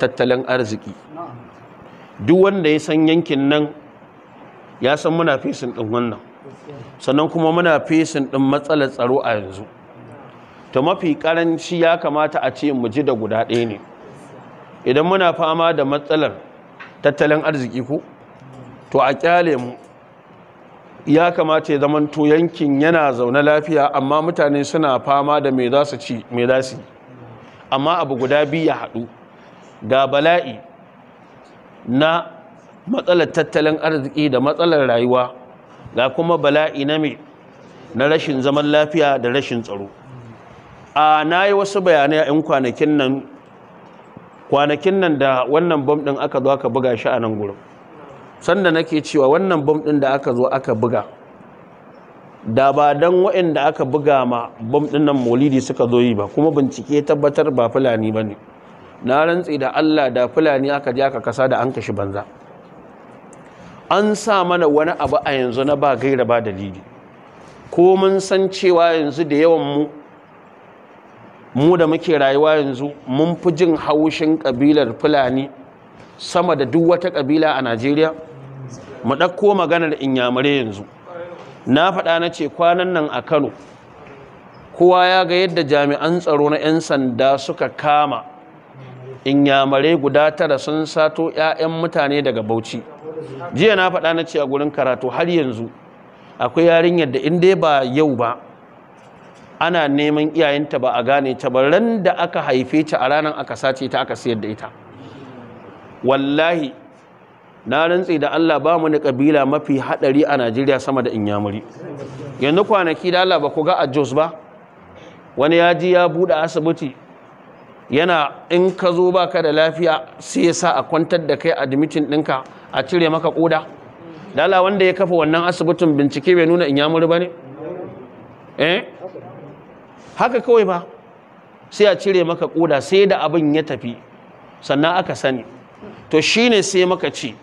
tattalin arziki duk wanda ya san yankin nan ya san muna fesin ɗin wannan sannan kuma muna fesin ɗin matsalar tsaro a yanzu ta mafi karanci ya kamata a ce mu ji da guda ɗaya ne idan muna fama da matsalar tattalin arziki ko to a kyale mu ya kamata ya zaman to yankin yana zaune lafiya amma mutane suna fama da me za su ci me za su yi amma abu guda biyu ya haɗu ga bala'i na matsalar tattalin arziki da matsalar rayuwa ga kuma bala'i na mai na rashin zaman lafiya da rashin tsaro a na yi wasu bayanai a 'yan kwanakin nan kwanakin nan da wannan bom ɗin aka zo aka buga shi a nan gurin sanda nake cewa wannan bom ɗin da aka zo aka buga da ba don waɗanda aka buga ma bom ɗin nan maulidi suka zo yi ba kuma bincike tabbatar ba fulani ba ne na rantsi da Allah da fulani aka ji aka kasa da an kashi banza an sa mana wani abu a yanzu na ba gaira ba dalili ko mun san cewa yanzu da yawan mu mu da muke rayuwa yanzu mun fi jin haushin kabilar fulani sama da duk wata kabila a Najeriya mu ɗauko maganar inyamurai yanzu na faɗa na ce kwanan nan a Kano kowa ya ga yadda jami'an tsaro na 'yan sanda suka kama inyamare guda tara sun sato 'ya'yan mutane daga bauchi jiya na faɗa na ce a gurin karatu har yanzu akwai yarinyar da in dai ba yau ba ana neman iyayenta ba a gane ta ba ran da aka haife ta a ranar aka sace ta aka sayar da ita wallahi na rantse da Allah ba mu ni kabila mafi hadari a Najeriya sama da inyamuri yanzu kwanaki da Allah ba ku ga a Jos ba wani ya ji ya buɗe asibiti yana in ka zo ba ka da lafiya sai ya sa a kwantar da kai admitin ɗinka a cire maka ƙoda ala wanda ya kafa wannan asibitin bincike bai nuna in ya muri ba ne eh haka kawai ba sai a cire maka ƙoda sai da abin ya tafi sannan aka sani to shine sai maka ce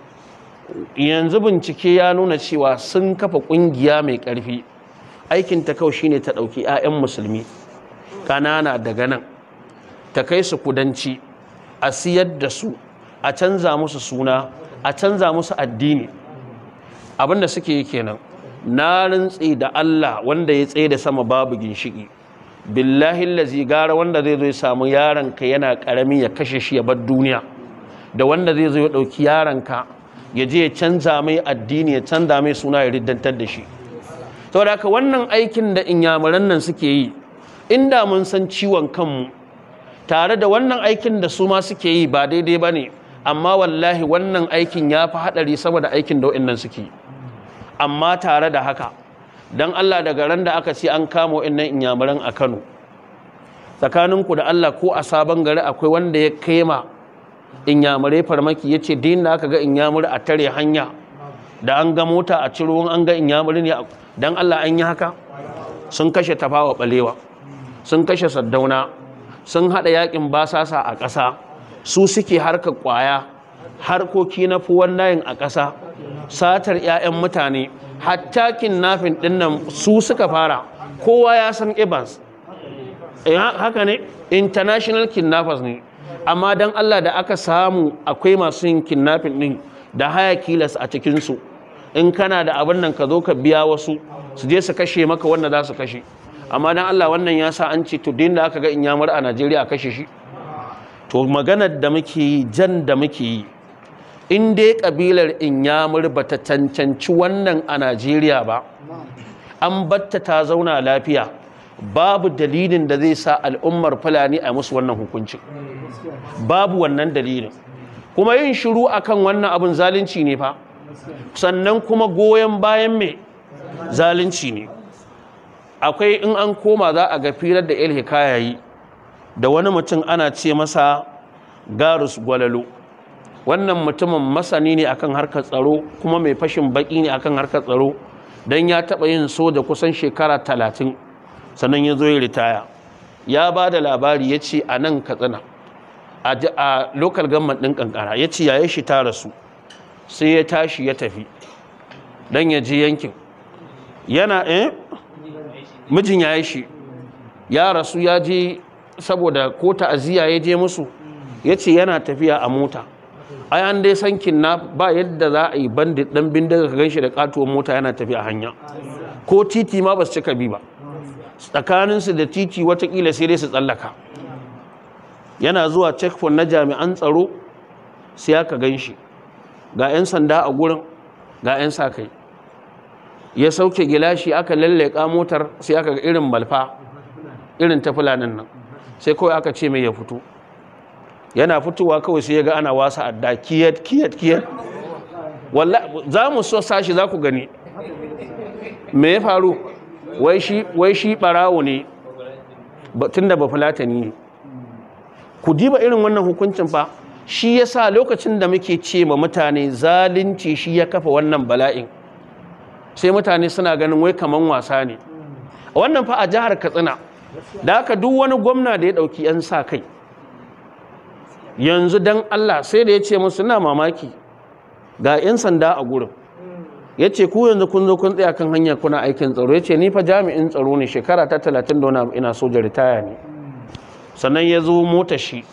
yanzu bincike ya nuna cewa sun kafa ƙungiya mai ƙarfi aikinta kawai shine ta ɗauki 'ya'yan musulmi ƙanana daga nan ta kai su kudanci a siyar da su a canza musu suna a canza musu addini abinda suke yi kenan na rintsi da Allah wanda ya tsaye da sama babu ginshiki billahi lazi gara wanda zai zo ya samu yaranka yana karami ya kashe shi ya bar duniya da wanda zai zo ya dauki yaranka ya je ya canza mai addini ya canza mai suna ya riddantar da shi saboda haka wannan aikin da inyamuran nan suke yi inda mun san ciwon kanmu tare da wannan aikin da su ma suke yi ba daidai ba ne amma wallahi wannan aikin ya fi haɗari saboda aikin da wa'innan suke amma tare da haka don Allah daga ran da aka ce an kama waɗannan inyamuran a Kano tsakanin ku da Allah ko a sabon gari akwai wanda ya kai ma inyamurai farmaki ya ce din da aka ga inyamuri a tare hanya da an ga mota a ciro an ga inyamuri ne don Allah an yi haka sun kashe tafawa balewa sun kashe saddauna sun haɗa yaƙin basasa a ƙasa su suke harkar ƙwaya harkoki na fuwan layin a ƙasa satar 'ya'yan mutane hattakin nafin ɗinnan su suka fara kowa ya san ibans eh, haka ne international kidnappers ne amma don allah da aka samu akwai masu yin kidnapping ɗin da haya kilas a cikinsu in kana da abin nan ka zo ka biya wasu su je su kashe maka wanda za su kashe amma dan Allah wannan ya sa an ce to din da aka ga in a Najeriya kashe shi to maganar da muke yi jan da muke yi in dai kabilar inyamur ba ta cancanci wannan a Najeriya ba an batta ta zauna lafiya babu dalilin da zai sa al'ummar fulani a musu wannan hukuncin babu wannan dalilin kuma yin shiru akan wannan abun zalunci ne fa sannan kuma goyon bayan mai zalunci ne akwai in an koma za a ga firar da el hikaya yi da wani mutum ana ce masa garus gwalalo wannan mutumin masani ne akan harkar tsaro kuma mai fashin baki ne akan harkar tsaro don ya taɓa yin so da kusan shekara talatin sannan ya zo ya ritaya ya ba da labari ya ce a nan katsina a lokal government ɗin kankara ya ce yayi shi ta rasu sai ya tashi ya tafi don ya ji yankin yana eh mijin ya yi shi ya rasu ya je saboda ko ta'aziyya ya je musu ya ce yana tafiya a mota ai an dai san kinna ba yadda za a yi bandit dan bindin ka shi da katuwar mota yana tafiya hanya ko titi ma ba su cika bi ba tsakaninsu da titi watakila sai dai su tsallaka yana zuwa checkpoint na jami'an tsaro sai ya ka ganshi ga 'yan sanda a gurin ga 'yan sa kai ya sauke gilashi aka lalleka motar sai aka ga irin malfa irin ta fulanin nan sai kawai aka ce mai ya fito yana fitowa kawai sai ya ga ana wasa adda kiyat kiyat kiyat za mu so sashi za ku gani me ya faru wai shi barawo ne tun da ba fulatani ne ku diba irin wannan hukuncin fa shi yasa lokacin da muke ce ma mutane zalunci shi ya kafa wannan bala'in sai mutane suna ganin wai kaman wasa ne wannan fa a jihar katsina da aka duk wani gwamna da ya ɗauki 'yan sa kai yanzu dan allah sai da ya ce musu na mamaki ga 'yan sanda a gurin ya ce ku yanzu kun zo kun tsaya kan hanya kuna aikin tsaro ya ce ni fa jami'in tsaro ne shekara ta talatin da wani ina soja ritaya ne sannan ya zo mota shi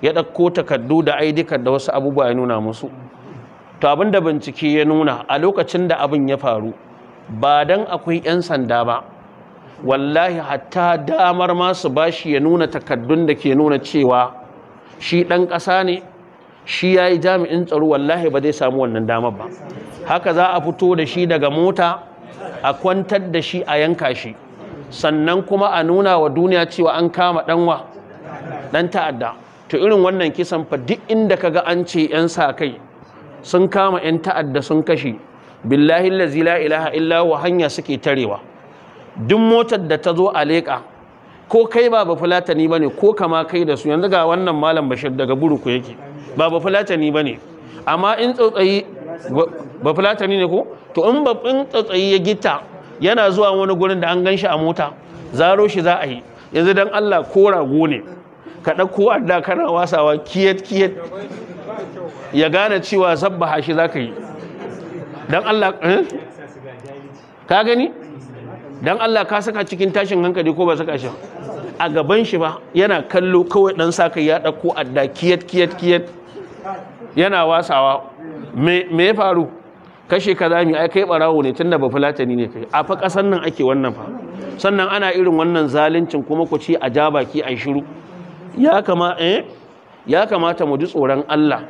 ya ɗauko takardu da card da wasu abubuwa ya nuna musu to abin da bincike ya nuna a lokacin da abin ya faru ba don akwai 'yan sanda ba wallahi hatta damar masu shi ya nuna takaddun da ke nuna cewa shi ɗan ƙasa ne shi ya yi jami'in tsaro wallahi ba zai samu wannan damar ba haka za a fito da shi daga mota a kwantar da shi a yanka shi sannan kuma a nuna wa duniya cewa an kama ɗanwa ɗan ta'adda to irin wannan kisan fa duk inda ka ga an ce 'yan sa kai sun kama 'yan ta'adda sun kashe billahi allazi la ilaha illa wa hanya suke tarewa duk motar da ta zo a leƙa ko kai ba ba fulatani bane ko kama kai da su yanzu ga wannan malam bashir daga buruku yake ba ba fulatani bane amma in tsotsayi ba fulatani ne ko to in ba in tsotsayi ya gita yana zuwa wani gurin da an gan shi a mota zaro shi za a yi yanzu dan Allah ko rago ne ka ɗauko adda kana wasawa kiyat kiyat ya gane cewa zabba shi za ka yi dan Allah eh? ka gani dan Allah ka saka cikin tashin hankali ko ba saka shi a gaban shi ba yana kallo kawai dan saka ya dauko adda kiyat kiyat kiyat yana wasawa me me ya faru kashe kazami mi ai kai barawo ne tunda ba fulatani ne kai a fa kasan nan ake wannan fa sannan ana irin wannan zaluncin kuma ku ci a jaba ki ai shiru ya kama eh ya kamata mu ji tsoron Allah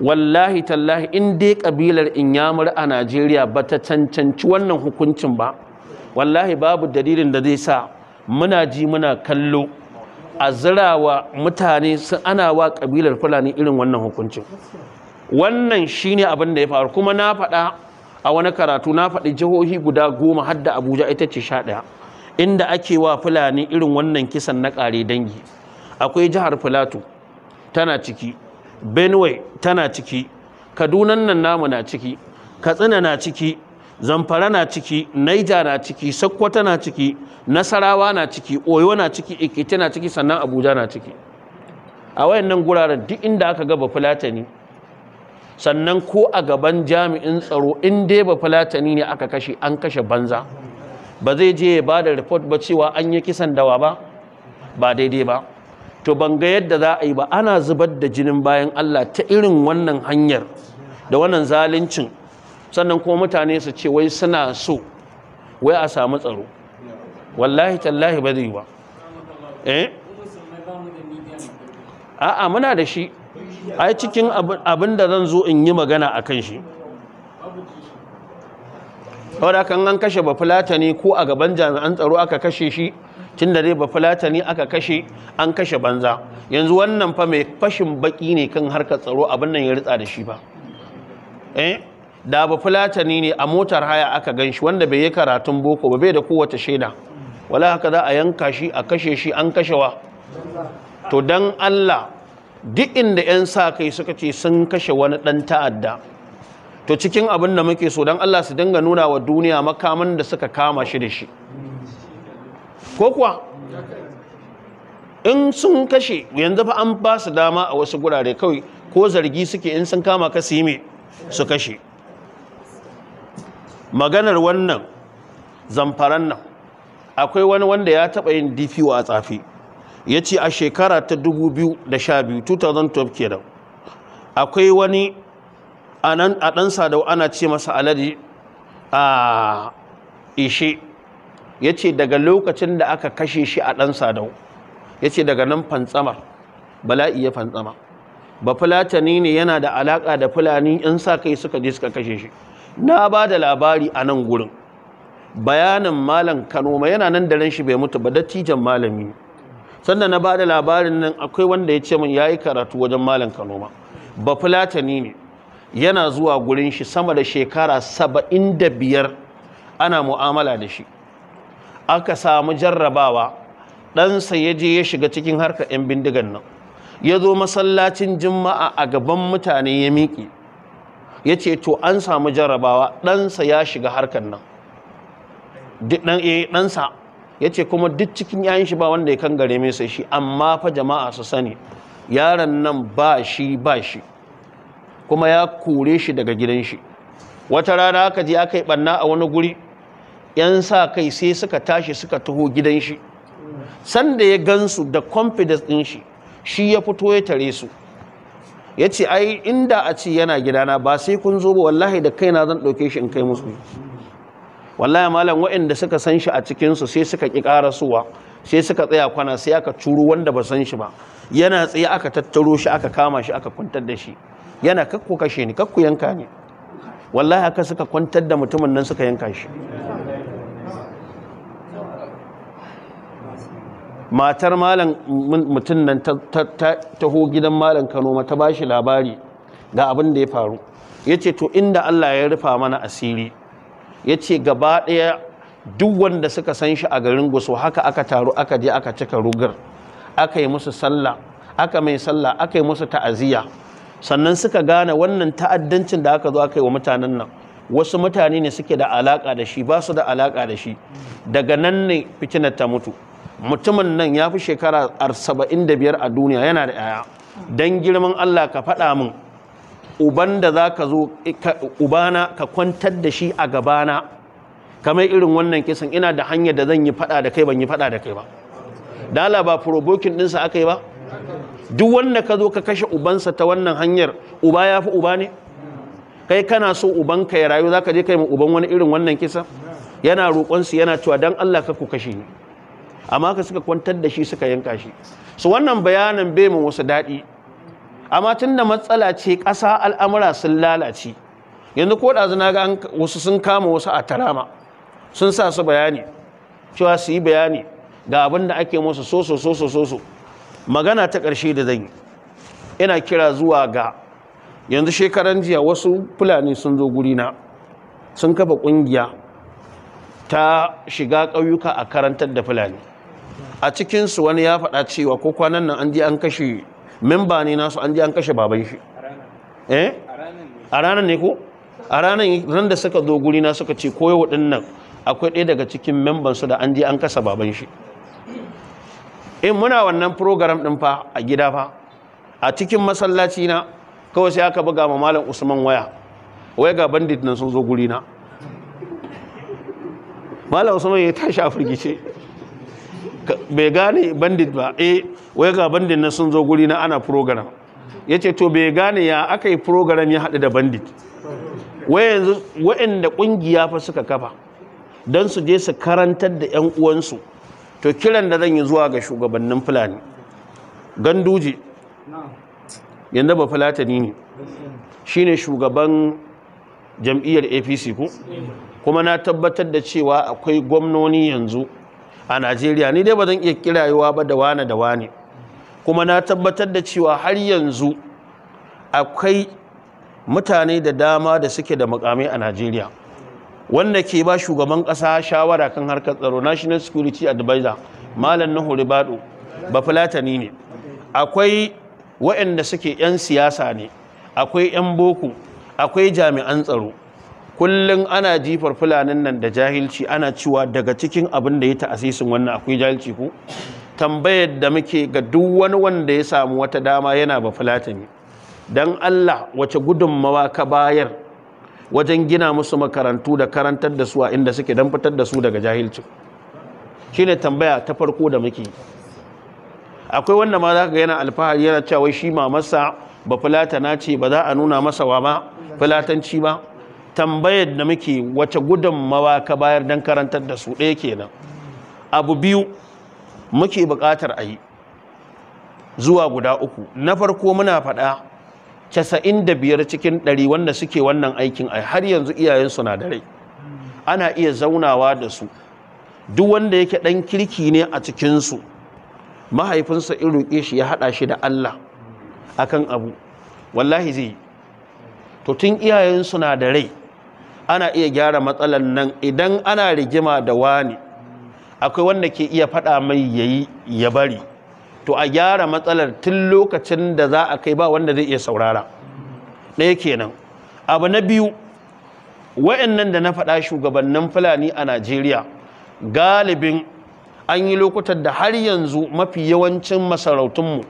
wallahi tallahi in dai kabilar inyamur a Najeriya ba ta cancanci wannan hukuncin ba wallahi babu dalilin da zai sa muna ji muna kallo a zirawa mutane sun ana wa kabilar fulani irin wannan hukuncin wannan shine abin da ya faru kuma na faɗa a wani karatu na faɗi jihohi guda goma har da Abuja ita ce sha ɗaya inda ake wa fulani irin wannan kisan na ƙare dangi akwai jihar Filato tana ciki benue tana ciki kadunan nan namu na ciki katsina na ciki zamfara na ciki naija na ciki sakkwata na ciki nasarawa na ciki oyo na ciki ikiti na ciki sannan abuja na ciki a wayannan guraren duk inda aka ga bafulatani sannan ko a gaban jami'in tsaro in dai bafulatani ne aka kashe an kashe banza ba zai je ya ba da report ba cewa an yi kisan dawa ba ba daidai ba to ban ga yadda za a yi ba ana zubar da jinin bayan Allah ta irin wannan hanyar da wannan zaluncin sannan kuma mutane su ce wai suna so wai a samu tsaro wallahi tallahi ba zai ba eh a'a muna da shi ai cikin abin da zan zo in yi magana a kan shi wadda kan an kashe bafulatani ko a gaban jami'an tsaro aka kashe shi tun da dai ba fulatani aka kashe an kashe banza yanzu wannan fa mai fashin baki ne kan harkar tsaro abin nan ya ritsa da shi ba eh? da ba fulatani ne a motar haya aka gan shi wanda bai yi karatun boko ba bai da kowace shaida wala haka za a yanka shi a kashe shi an kashewa to dan Allah duk inda 'yan sa kai suka ce sun kashe wani dan ta'adda to cikin abin da muke so dan Allah su dinga nuna wa duniya makaman da suka kama shi da shi ko kuwa in sun kashe yanzu fa an ba su dama a wasu gurare kawai ko zargi suke in sun kama ka su su kashe maganar wannan zamfaran nan akwai wani wanda ya taɓa yin dfw a tsafi ya ce a shekara ta 2012 2012 kenan akwai wani a ɗan sadau ana ce masa alade a ishe ya ce daga lokacin da aka kashe shi a ɗan sadau ya ce daga nan fantsamar bala'i ya fantsama ba fulatani ne yana da alaƙa da fulani in sa kai suka je suka kashe shi na ba da labari a nan gurin bayanin malam kanoma yana nan da shi bai mutu ba dattijan malami sannan na ba da labarin nan akwai wanda ya ce min ya yi karatu wajen malam kanoma ba fulatani ne yana zuwa gurin shi sama da shekara saba'in da biyar ana mu'amala da shi aka samu jarrabawa ɗansa ya je ya shiga cikin harka 'yan bindigan nan ya zo masallacin juma'a a gaban mutane ya miƙi ya ce to an samu jarrabawa ɗansa ya shiga harkar nan eh, ɗansa ya ce kuma duk cikin yayin shi ba wanda ya kan gare mai sai shi amma fa jama'a su sani yaron nan ba shi ba shi kuma ya kore shi daga gidan shi wata rana aka je aka yi ɓanna a wani guri 'yan sa kai sai suka tashi suka taho gidan shi sanda ya gansu da confidence din shi shi ya fito ya tare su ya ce ai inda a ce yana gidana ba sai kun zo ba wallahi da kaina zan ɗauke shi in kai musu wallahi malam waɗanda suka san shi a cikinsu sai suka ƙi ƙarasuwa sai suka tsaya kwana sai aka curu wanda ba san shi ba yana tsaye aka tattaro shi aka kama shi aka kwantar da shi yana kakku kashe ni kakku yanka ne wallahi haka suka kwantar da mutumin nan suka yanka shi matar malam mutum nan ta taho gidan malam Kano ta shi labari da abin da ya faru yace to inda Allah ya rufa mana asiri yace gaba ɗaya duk wanda suka san shi a garin gusu haka aka taru aka je aka cika rugar aka yi musu sallah aka mai sallah aka yi musu ta'aziyya sannan suka gane wannan ta'addancin da aka zo aka yi wa mutanen nan wasu mutane ne suke da alaka da shi ba su da alaka da shi daga nan ne fitinar ta mutu mutumin nan ya fi shekara saba'in da biyar a duniya yana da yaya don girman Allah ka faɗa min uban da za ka zo ubana ka kwantar da shi a gabana kamar irin wannan kisan ina da hanyar da zan yi faɗa da kai ban yi faɗa da kai ba dala ba furobokin ɗinsa aka yi ba duk wanda ka zo ka kashe ubansa ta wannan hanyar uba ya fi uba ne kai kana so ubanka ya rayu za ka je kai ma uban wani irin wannan kisa yana roƙonsu yana cewa don Allah ka ku kashe ni amma ka suka kwantar da shi suka yanka shi su wannan bayanin bai mu wasu daɗi amma tun da matsala ce ƙasa al'amura sun lalace yanzu ko ɗazu na ga wasu sun kama wasu a tarama sun sa su bayani cewa su yi bayani ga abin da ake musu soso soso soso magana ta ƙarshe da zan yi ina kira zuwa ga yanzu shekaran jiya wasu fulani sun zo gurina sun kafa ƙungiya ta shiga ƙauyuka a karantar da fulani a cikinsu wani ya faɗa cewa ko kwanan nan an ji an kashe memba ne nasu an ji an kashe baban shi eh? a ranar ne ko a ranar ran da suka zo guri na suka ce koyo waɗannan akwai ɗaya daga cikin membansu da an ji an kasa baban shi in eh, muna wannan program ɗin fa a gida fa a cikin masallaci na kawai sai aka buga ma malam usman waya waya ga bandit nan sun zo guri na malam usman ya tashi a firgice bai gane bandit ba e wai ga bandit na sun zo guri na ana program ya ce to bai gane ya aka yi program ya haɗu da bandit wayanda ƙungiya fa suka kafa don su je su karantar da 'yan uwansu to kiran da zan yi zuwa ga shugabannin fulani ganduje yanzu ba fulatani ne shi ne shugaban jam'iyyar apc ku kuma na tabbatar da cewa akwai gwamnoni yanzu a najeriya ni dai ba zan iya kirayewa ba da wane da wane kuma na tabbatar da cewa har yanzu akwai mutane da dama da suke da mukami a najeriya wanda ke ba shugaban ƙasa shawara kan harkar tsaro national security advisor malam nuhu ribado ba fulatani ne akwai wa'anda suke 'yan siyasa ne akwai 'yan boko akwai jami'an tsaro kullum ana jifar fulanin nan da jahilci ana cewa daga cikin abin da ya ta'asisin wannan akwai jahilci ku tambayar da muke ga duk wani wanda ya samu wata dama yana ba fulatani don Allah wace gudunmawa ka bayar wajen gina musu makarantu da karantar da su a inda suke dan fitar da su daga jahilci shine tambaya ta farko da muke akwai wanda ma za ka yana alfahari yana cewa shi ma masa ba fulatana ce ba za a nuna masa wa ma fulatanci ba tambayar da muke wace gudunmawa ka bayar don karantar da su ɗaya kenan abu biyu muke buƙatar a yi zuwa guda uku na farko muna faɗa casa'in da biyar cikin ɗari wanda suke wannan aikin a har yanzu iyayensu na da rai ana iya zaunawa da su duk wanda yake ɗan kirki ne a cikinsu mahaifinsa in roƙe shi ya haɗa shi da Allah akan abu wallahi zai to tun iyayensu na da rai ana iya gyara matsalar nan idan ana rigima da wani akwai wanda ke iya fada mai yayi ya bari to a gyara matsalar tun lokacin da za a kai ba wanda zai iya saurara ɗaya kenan abu na biyu wa'annan da na faɗa shugabannin fulani a najeriya galibin an yi lokutan da har yanzu mafi yawancin masarautunmu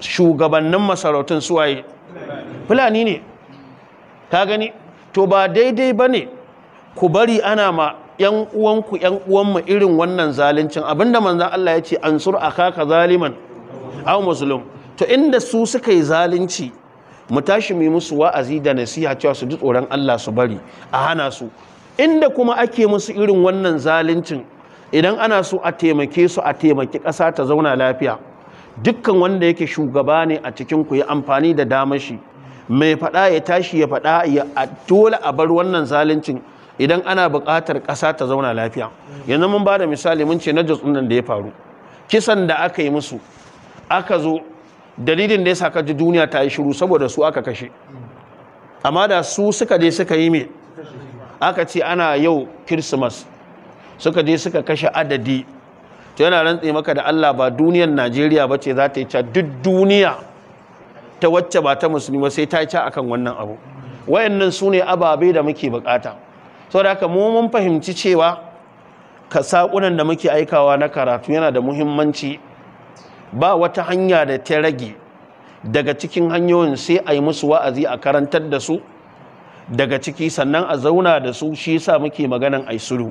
shugabannin masarautun suwaye fulani ne ka gani to ba daidai ba ne ku bari ana ma ‘yan uwanku ‘yan uwanmu irin wannan zaluncin abinda manzan Allah ya ce an sur a kaka zaliman au musulun to inda su suka yi zalunci mu tashi mai musu wa'azi da nasiha cewa su ji tsoron Allah su bari a hana su inda kuma ake musu irin wannan zaluncin idan ana so a taimake su a taimaki ƙasa ta zauna lafiya dukkan wanda yake shugaba ne a cikin ku yi amfani da damashi shi mai faɗa ya tashi ya faɗa ya dole a bar wannan zaluncin idan ana buƙatar ƙasa ta zauna lafiya yanzu mun ba da misali mun ce na jutsun nan da ya faru kisan da aka yi musu aka zo dalilin da ya sa kaji duniya ta yi shiru saboda su aka kashe amma da su suka je suka yi me aka ce ana yau kirsimas suka je suka kashe adadi to yana rantse maka da Allah ba duniyar Najeriya ba ce za ta yi ca duk duniya ta wacce ba ta musulmi ba sai ta ci akan wannan abu wayannan su ne ababe da muke bukata saboda haka mu mun fahimci cewa ka sakunan da muke aikawa na karatu yana da muhimmanci ba wata hanya da ta rage daga cikin hanyoyin sai a yi musu wa'azi a karantar da su daga ciki sannan a zauna da su shi yasa muke maganan ai sulhu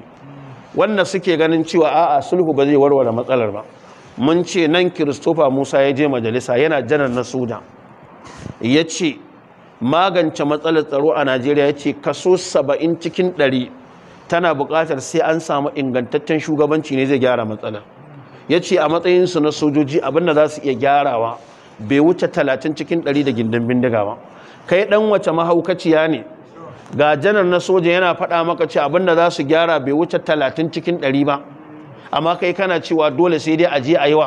wanda suke ganin cewa a'a sulhu ba zai warware matsalar ba mun ce nan Christopher Musa ya je majalisa yana janar na soja ya ce magance matsalar tsaro a najeriya ya ce kaso saba'in cikin ɗari tana bukatar sai an samu ingantaccen shugabanci ne zai gyara matsala ya ce a matsayinsu na sojoji abinda za su iya gyarawa bai wuce talatin cikin 100 da gindin bindiga ba kai dan wace mahaukaciya ne ga janar na soja yana faɗa maka ce abinda za su gyara bai wuce talatin cikin 100 ba amma kai kana cewa dole sai dai a je a yi wa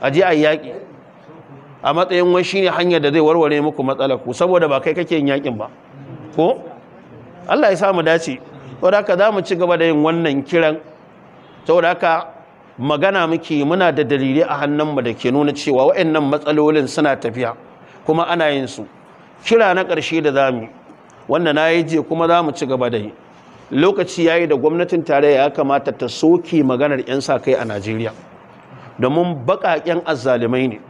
a a yi yaƙi a matsayin wai shine hanyar da zai warware muku matsalar ku saboda ba kai kake yin yakin ba ko Allah ya sa mu dace saboda haka zamu ci gaba da yin wannan kiran saboda haka magana muke muna da dalili a hannun mu da ke nuna cewa waɗannan matsalolin suna tafiya kuma ana yin su kira na ƙarshe da zamu wanda na yi je kuma zamu ci gaba da yi lokaci yayi da gwamnatin tarayya ya kamata ta soke maganar 'yan sa kai a Najeriya domin baƙaƙen azzalumai ne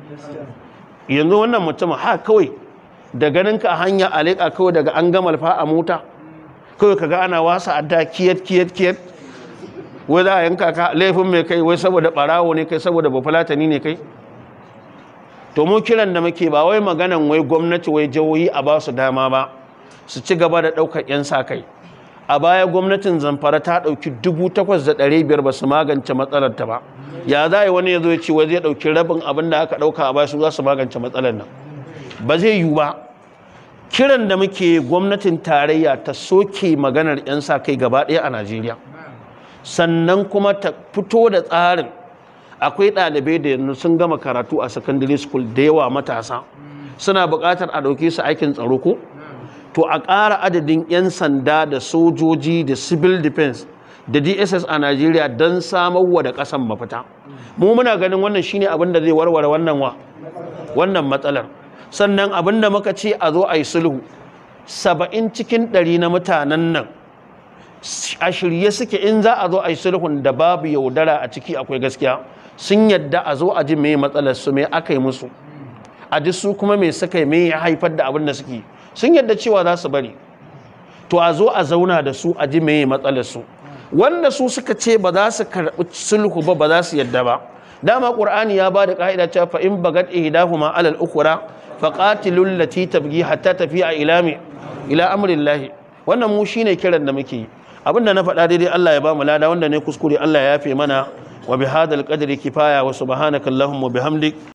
yanzu wannan mutum ha kawai da ganin ka hanya alika kawai daga an gama alfa a mota kawai kaga ana wasa a da kiyat kiyat kiyat wai za a yanka ka laifin mai kai wai saboda barawo ne kai saboda bafulatani ne kai to mu kiran da muke ba wai maganan wai gwamnati wai jihohi a ba su dama ba su ci gaba da ɗaukar 'yan sa kai a baya gwamnatin zamfara ta ɗauki 8,500 ba su magance matsalar ta ba ya za yi wani ya zo ya ce wai zai ɗauki rabin abin da aka ɗauka a baya su za su magance matsalar nan ba zai yiwu ba kiran da muke gwamnatin tarayya ta soke maganar 'yan sa kai gaba ɗaya a najeriya sannan kuma ta fito da tsarin akwai ɗalibai da yanzu sun gama karatu a secondary school da yawa matasa suna bukatar a ɗauke su aikin tsaro ko to a ƙara adadin 'yan sanda da sojoji da civil defense da dss a nigeria don samarwa da ƙasan mafita mu muna ganin wannan shine abin da zai warware wannan wa wannan matsalar sannan abin da muka ce a zo a yi sulhu saba'in cikin ɗari na mutanen nan a shirye suke in za a zo a yi sulhun da babu yaudara a ciki akwai gaskiya sun yadda a zo a ji mai matsalar su mai aka yi musu a ji su kuma mai suka yi mai ya haifar da abin da suke sun yadda cewa za su bari to a zo a zauna da su a ji meye matsalar su wanda su suka ce ba za su karɓi sulhu ba ba za su yadda ba dama qur'ani ya ba da ka'ida cewa fa in bagat ihdahuma alal ukhra fa qatilul lati tabghi hatta tafi'a ila mi ila amrillah wannan mu shine kiran da muke yi abinda na faɗa daidai Allah ya ba mu lada wanda ne kuskure Allah ya yafe mana wa bihadal qadri kifaya wa subhanakallahumma bihamdik